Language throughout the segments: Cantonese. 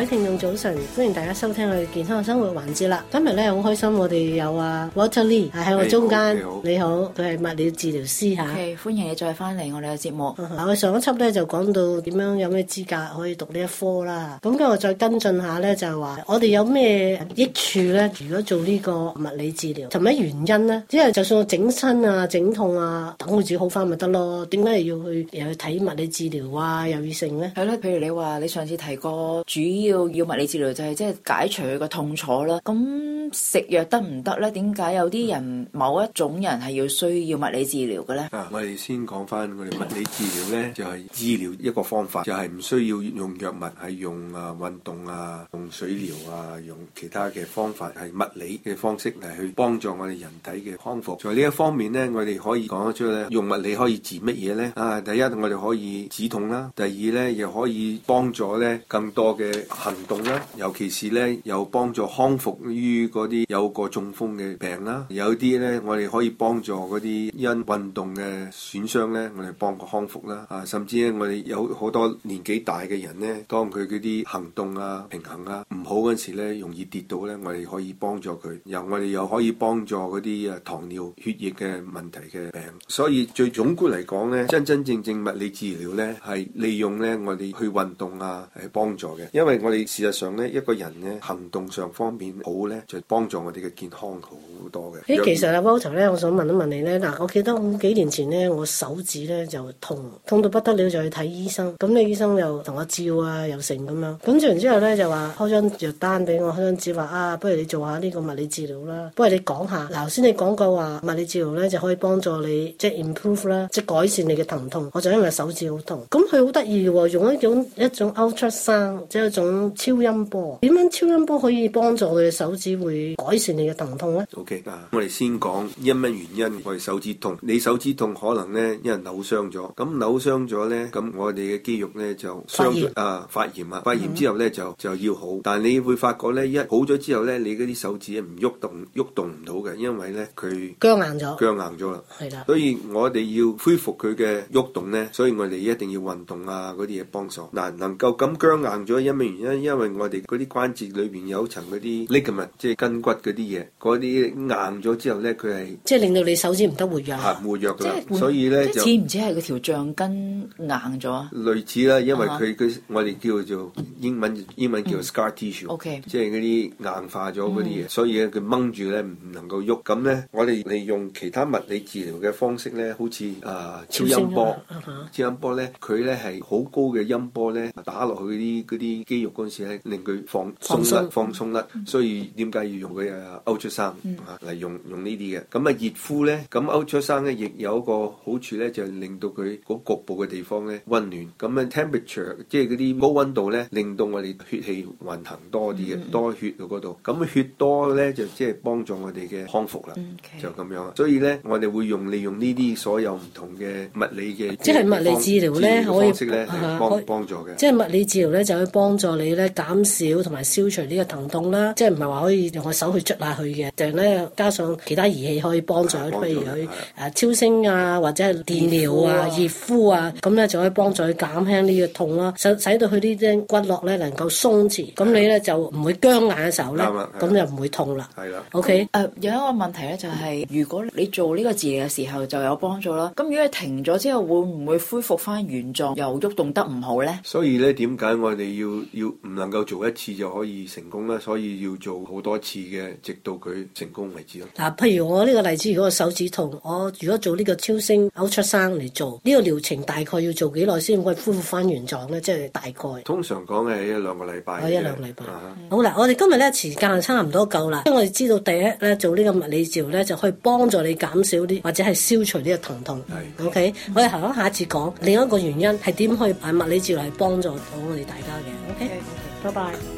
各位聽眾早晨，歡迎大家收聽我哋健康嘅生活環節啦。今日咧好開心，我哋有啊 Water Lee 係喺我中間。Hey, okay. 你好，佢係物理治療師吓。o、okay, 啊、歡迎你再翻嚟我哋嘅節目。嗱、嗯，我、嗯、上一輯咧就講到點樣有咩資格可以讀呢一科啦。咁跟住我再跟進下咧，就係話我哋有咩益處咧？如果做呢個物理治療，同埋咩原因咧？只係就算我整身啊、整痛啊，等我自己好翻咪得咯？點解要去又去睇物理治療啊？又要性咧？係啦，譬如你話你上次提過主。要要物理治療就係即係解除佢個痛楚啦。咁食藥得唔得呢？點解有啲人某一種人係要需要物理治療嘅呢？啊，我哋先講翻我哋物理治療呢，就係治療一個方法，就係唔需要用藥物，係用啊運動啊，用水療啊，用其他嘅方法，係物理嘅方式嚟，去幫助我哋人體嘅康復。在呢一方面呢，我哋可以講得出咧，用物理可以治乜嘢呢？啊，第一我哋可以止痛啦，第二呢，又可以幫助呢更多嘅。行動啦，尤其是呢，有幫助康復於嗰啲有過中風嘅病啦，有啲呢，我哋可以幫助嗰啲因運動嘅損傷呢，我哋幫佢康復啦。啊，甚至呢我哋有好多年紀大嘅人呢，當佢嗰啲行動啊、平衡啊，好嗰時咧，容易跌到咧，我哋可以幫助佢；又我哋又可以幫助嗰啲糖尿血液嘅問題嘅病。所以最總括嚟講咧，真真正正物理治療呢，係利用呢我哋去運動啊，係幫助嘅。因為我哋事實上呢，一個人呢行動上方便好呢，就幫助我哋嘅健康好多嘅。其實阿 Violet 咧，我想問一問你呢。嗱，我記得好幾年前呢，我手指呢就痛，痛到不得了，就去睇醫生。咁咧，你醫生又同我照啊，又成咁樣。咁照完之後呢，就話開張。就單俾我張紙話啊，不如你做下呢個物理治療啦。不如你講下，嗱，頭先你講過話物理治療咧就可以幫助你即係、就是、improve 啦，即係改善你嘅疼痛。我就因為手指好痛，咁佢好得意喎，用一種一種 ultrasound 即係一種超音波。點樣超音波可以幫助你嘅手指會改善你嘅疼痛咧？OK 啊，我哋先講因乜原因我哋手指痛。你手指痛可能咧因為扭傷咗，咁扭傷咗咧咁我哋嘅肌肉咧就發炎啊，發炎啊，發炎之後咧就就要好，但你會發覺咧，一好咗之後咧，你嗰啲手指唔喐動，喐動唔到嘅，因為咧佢僵硬咗，僵硬咗啦。係啦，所以我哋要恢復佢嘅喐動咧，所以我哋一定要運動啊嗰啲嘢幫助。嗱，能夠咁僵硬咗，因為原因，因為我哋嗰啲關節裏邊有層嗰啲 ligament，即係筋骨嗰啲嘢，嗰啲硬咗之後咧，佢係即係令到你手指唔得活躍。嚇，活躍啦，所以咧就似唔似係嗰條橡筋硬咗啊？類似啦，因為佢佢我哋叫做英文英文叫 s O.K.，即係嗰啲硬化咗嗰啲嘢，所以咧佢掹住咧唔能夠喐。咁咧，我哋利用其他物理治療嘅方式咧，好似啊、呃、超音波，超，超音波咧，佢咧係好高嘅音波咧打落去啲嗰啲肌肉嗰時咧，令佢放鬆甩放鬆甩、嗯。所以點解要用佢啊 ultrasound 嚟用、嗯、用這些熱敷呢啲嘅？咁啊熱敷咧，咁 ultrasound 咧亦有一個好處咧，就係、令到佢局部嘅地方咧溫暖。咁啊 temperature，即係嗰啲高溫度咧，令到我哋血氣運行。多啲嘅，多血到嗰度，咁血多咧就即係幫助我哋嘅康復啦，okay. 就咁樣。啦。所以咧，我哋會用利用呢啲所有唔同嘅物理嘅，即、嗯、係、okay. 物，嗯 okay. 物理治療咧可以啊，幫助嘅。即係物理治療咧就可以幫助你咧減少同埋消除呢個疼痛啦。即係唔係話可以用個手去捽下佢嘅，就係咧加上其他儀器可以幫助，譬如佢誒超聲啊，或者係電療啊、熱敷啊，咁咧、啊、就可以幫助佢減輕呢個痛啦。使使到佢呢啲骨骼咧能夠鬆弛。咁、嗯、你。咧就唔會僵硬嘅時候咧，咁就唔會痛啦。係啦，OK，誒，有一個問題咧，就係如果你做呢個治療嘅時候就有幫助啦。咁如果停咗之後，會唔會恢復翻原狀，又喐動得唔好咧？所以咧，點解我哋要要唔能夠做一次就可以成功咧？所以要做好多次嘅，直到佢成功為止咯。嗱，譬如我呢個例子，如果我手指痛，我如果做呢個超聲 ultrasound 嚟做，呢個療程大概要做幾耐先可以恢復翻原狀咧？即係大概。通常講係一兩個禮拜。一兩個禮拜。Uh -huh. 好啦，我哋今日咧時間差唔多夠啦，因為我哋知道第一咧做呢個物理治療咧就可以幫助你減少啲或者係消除呢個疼痛。Mm -hmm. okay? OK，我哋行下一次講另一個原因係點可以擺物理治療嚟幫助到我哋大家嘅。OK，拜拜。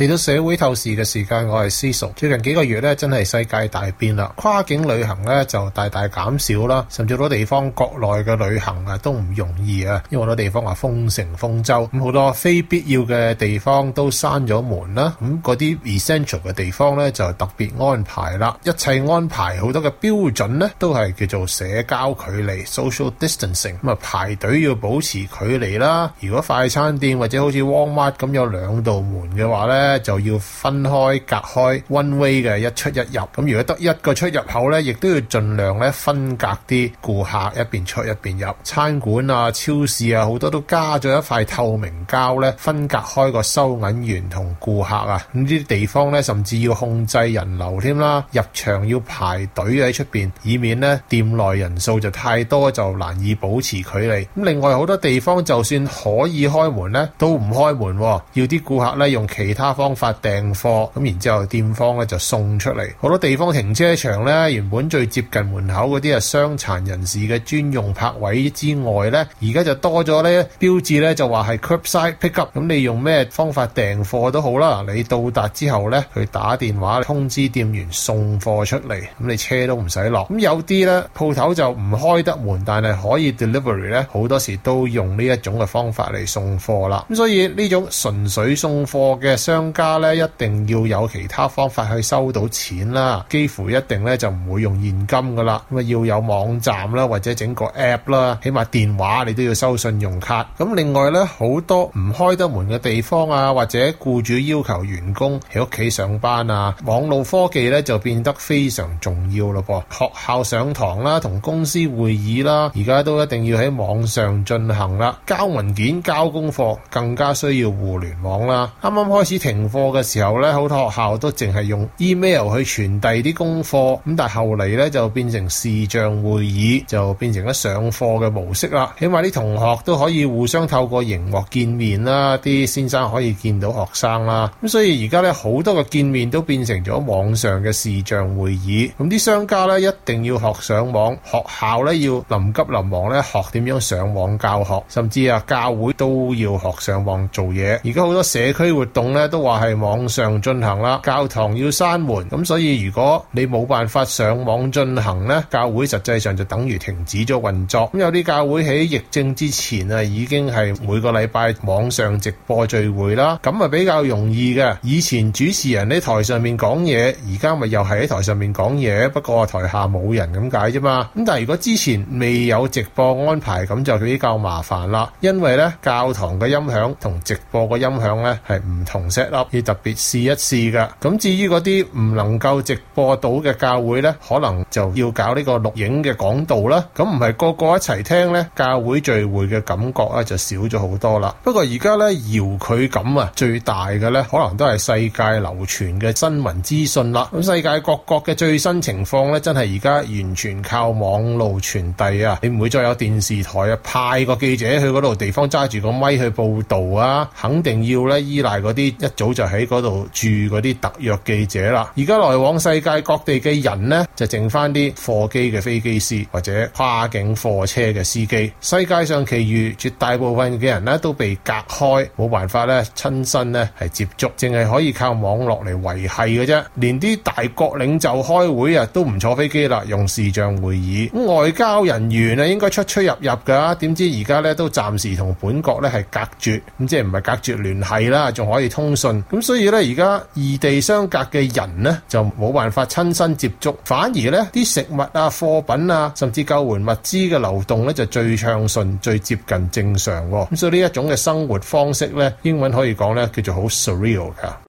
嚟到社會透視嘅時間，我係私塾。最近幾個月咧，真係世界大變啦。跨境旅行咧就大大減少啦，甚至好多地方國內嘅旅行啊都唔容易啊，因為好多地方話封城封州，咁好多非必要嘅地方都閂咗門啦。咁嗰啲 essential 嘅地方咧就特別安排啦，一切安排好多嘅標準咧都係叫做社交距離 （social distancing）。咁啊排隊要保持距離啦。如果快餐店或者好似 Walmart 咁有兩道門嘅話咧，就要分開隔開，One Way 嘅一出一入。咁如果得一個出入口咧，亦都要盡量咧分隔啲顧客一邊出一邊入。餐館啊、超市啊，好多都加咗一塊透明膠咧，分隔開個收銀員同顧客啊。咁呢啲地方咧，甚至要控制人流添啦。入場要排隊喺出邊，以免咧店內人數就太多就難以保持距離。咁另外好多地方就算可以開門咧，都唔開門，啊，要啲顧客咧用其他。方法訂貨，咁然之後店方咧就送出嚟。好多地方停車場呢，原本最接近門口嗰啲係傷殘人士嘅專用泊位之外呢，而家就多咗呢標誌呢，就話係 curbside pickup。咁你用咩方法訂貨都好啦，你到達之後呢，佢打電話通知店員送貨出嚟，咁你車都唔使落。咁有啲呢，鋪頭就唔開得門，但係可以 delivery 呢，好多時都用呢一種嘅方法嚟送貨啦。咁所以呢種純粹送貨嘅商。商家咧一定要有其他方法去收到錢啦，幾乎一定咧就唔會用現金噶啦，咁啊要有網站啦，或者整個 app 啦，起碼電話你都要收信用卡。咁另外咧，好多唔開得門嘅地方啊，或者僱主要求員工喺屋企上班啊，網絡科技咧就變得非常重要咯噃。學校上堂啦，同公司會議啦，而家都一定要喺網上進行啦，交文件、交功課更加需要互聯網啦。啱啱開始停。停課嘅時候咧，好多學校都淨係用 email 去傳遞啲功課，咁但係後嚟，咧就變成視像會議，就變成咗上課嘅模式啦。起碼啲同學都可以互相透過熒幕見面啦，啲先生可以見到學生啦。咁所以而家咧好多嘅見面都變成咗網上嘅視像會議。咁啲商家咧一定要學上網，學校咧要臨急臨忙咧學點樣上網教學，甚至啊教會都要學上網做嘢。而家好多社區活動咧都。都話係網上進行啦，教堂要閂門，咁所以如果你冇辦法上網進行呢，教會實際上就等於停止咗運作。咁有啲教會喺疫症之前啊，已經係每個禮拜網上直播聚會啦，咁啊比較容易嘅。以前主持人喺台上面講嘢，而家咪又係喺台上面講嘢，不過台下冇人咁解啫嘛。咁但係如果之前未有直播安排，咁就比較麻煩啦，因為呢教堂嘅音響同直播嘅音響呢係唔同啫。要特別試一試噶，咁至於嗰啲唔能夠直播到嘅教會呢，可能就要搞呢個錄影嘅講道啦。咁唔係個個一齊聽呢，教會聚會嘅感覺咧就少咗好多啦。不過而家呢，遙距咁啊，最大嘅呢可能都係世界流傳嘅新聞資訊啦。咁世界各國嘅最新情況呢，真係而家完全靠網絡傳遞啊，你唔會再有電視台啊派個記者去嗰度地方揸住個咪去報道啊，肯定要咧依賴嗰啲一。早就喺嗰度住嗰啲特約記者啦。而家來往世界各地嘅人咧，就剩翻啲貨機嘅飛機師或者跨境貨車嘅司機。世界上其餘絕大部分嘅人咧，都被隔開，冇辦法咧親身咧係接觸，淨係可以靠網絡嚟維繫嘅啫。連啲大國領袖開會啊，都唔坐飛機啦，用視像會議。外交人員啊，應該出出入入噶，點知而家咧都暫時同本國咧係隔絕，咁即係唔係隔絕聯繫啦，仲可以通訊。咁所以咧，而家異地相隔嘅人咧就冇辦法親身接觸，反而咧啲食物啊、貨品啊，甚至救援物資嘅流動咧就最暢順、最接近正常喎，哦。咁所以呢一種嘅生活方式咧，英文可以講咧叫做好 surreal 噶。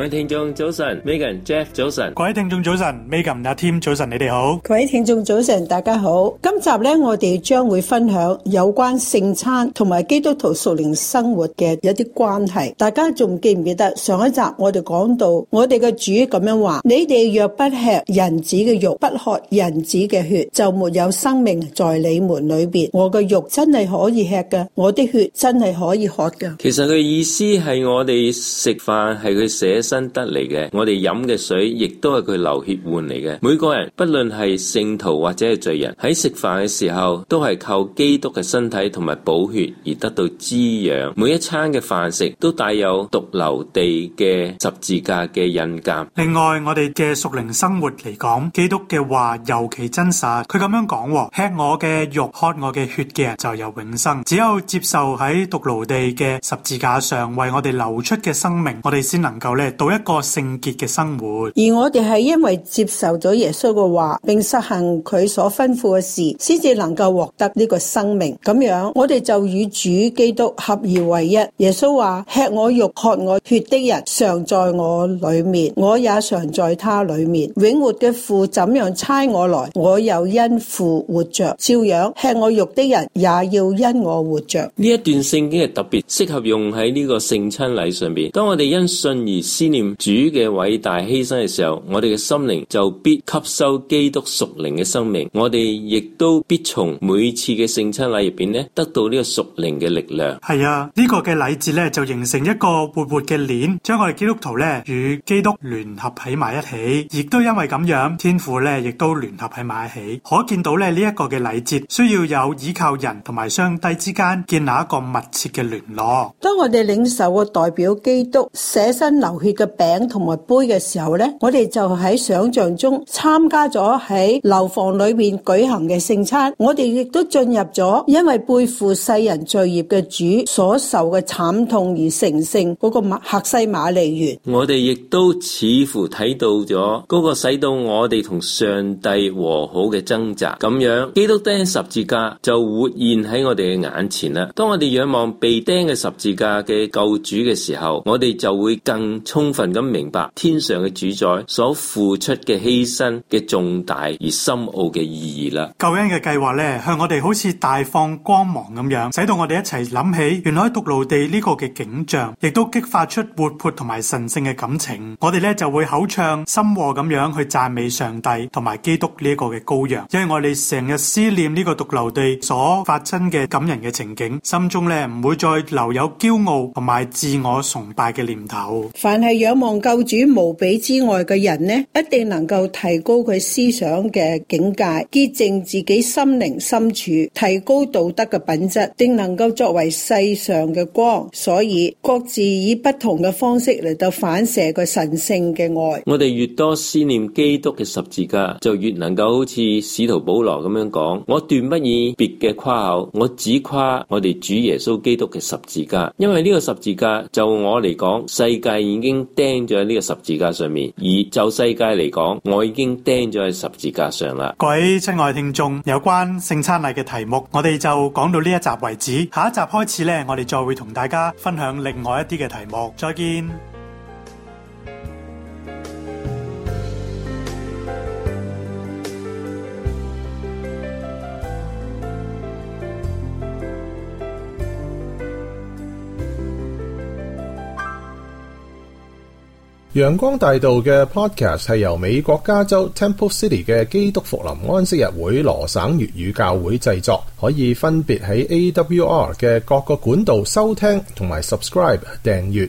各位聽眾早晨，Megan Jeff 早晨，各位聽眾早晨，Megan 阿 Tim 早晨，你哋好，各位聽眾早晨，大家好。今集咧，我哋將會分享有關聖餐同埋基督徒屬靈生活嘅一啲關係。大家仲記唔記得上一集我哋講到，我哋嘅主咁樣話：你哋若不吃人子嘅肉，不喝人子嘅血，就沒有生命在你們裏邊。我嘅肉真係可以吃㗎，我的血真係可以喝㗎。其實佢意思係我哋食飯係佢寫。得嚟嘅，我哋飲嘅水亦都係佢流血換嚟嘅。每個人不論係聖徒或者係罪人，喺食飯嘅時候都係靠基督嘅身體同埋寶血而得到滋養。每一餐嘅飯食都帶有髑髏地嘅十字架嘅印鑒。另外，我哋嘅屬靈生活嚟講，基督嘅話尤其真實。佢咁樣講，吃我嘅肉、喝我嘅血嘅人就有永生。只有接受喺髑髏地嘅十字架上為我哋流出嘅生命，我哋先能夠咧。到一個聖潔嘅生活，而我哋係因為接受咗耶穌嘅話，並實行佢所吩咐嘅事，先至能夠獲得呢個生命。咁樣，我哋就與主基督合而為一。耶穌話：吃我肉、喝我血的人，常在我裏面，我也常在他裏面。永活嘅父怎樣差我來，我又因父活着，照樣吃我肉的人，也要因我活着。呢一段聖經係特別適合用喺呢個聖餐禮上邊。當我哋因信而死。思念主嘅偉大犧牲嘅時候，我哋嘅心靈就必吸收基督屬靈嘅生命，我哋亦都必從每次嘅聖餐禮入邊咧得到呢個屬靈嘅力量。係啊，呢、這個嘅禮節咧就形成一個活活嘅鏈，將我哋基督徒咧與基督聯合喺埋一起，亦都因為咁樣，天父咧亦都聯合喺埋一起。可見到咧呢一個嘅禮節，需要有依靠人同埋上帝之間建立一個密切嘅聯絡。當我哋領受個代表基督捨身流血。嘅餅同埋杯嘅時候呢，我哋就喺想象中參加咗喺樓房裏面舉行嘅聖餐。我哋亦都進入咗，因為背負世人罪孽嘅主所受嘅慘痛而成聖嗰個客西馬尼園。我哋亦都似乎睇到咗嗰個使到我哋同上帝和好嘅掙扎。咁樣，基督釘十字架就活現喺我哋嘅眼前啦。當我哋仰望被釘嘅十字架嘅救主嘅時候，我哋就會更充。充分咁明白天上嘅主宰所付出嘅犧牲嘅重大而深奧嘅意義啦。救恩嘅計劃咧，向我哋好似大放光芒咁樣，使到我哋一齊諗起原來喺髑髏地呢個嘅景象，亦都激發出活潑同埋神聖嘅感情。我哋咧就會口唱心和咁樣去讚美上帝同埋基督呢一個嘅羔羊，因為我哋成日思念呢個髑髏地所發生嘅感人嘅情景，心中咧唔會再留有驕傲同埋自我崇拜嘅念頭。反係仰望救主無比之愛嘅人呢，一定能夠提高佢思想嘅境界，潔淨自己心靈深處，提高道德嘅品質，並能夠作為世上嘅光。所以各自以不同嘅方式嚟到反射個神聖嘅愛。我哋越多思念基督嘅十字架，就越能夠好似使徒保羅咁樣講：我斷不以別嘅誇口，我只誇我哋主耶穌基督嘅十字架。因為呢個十字架就我嚟講，世界已經，釘咗喺呢個十字架上面，而就世界嚟講，我已經釘咗喺十字架上啦。各位親愛聽眾，有關聖餐禮嘅題目，我哋就講到呢一集為止。下一集開始呢，我哋再會同大家分享另外一啲嘅題目。再見。陽光大道嘅 Podcast 係由美國加州 Temple City 嘅基督復臨安息日會羅省粵語教會製作，可以分別喺 AWR 嘅各個管道收聽同埋 subscribe 訂閱。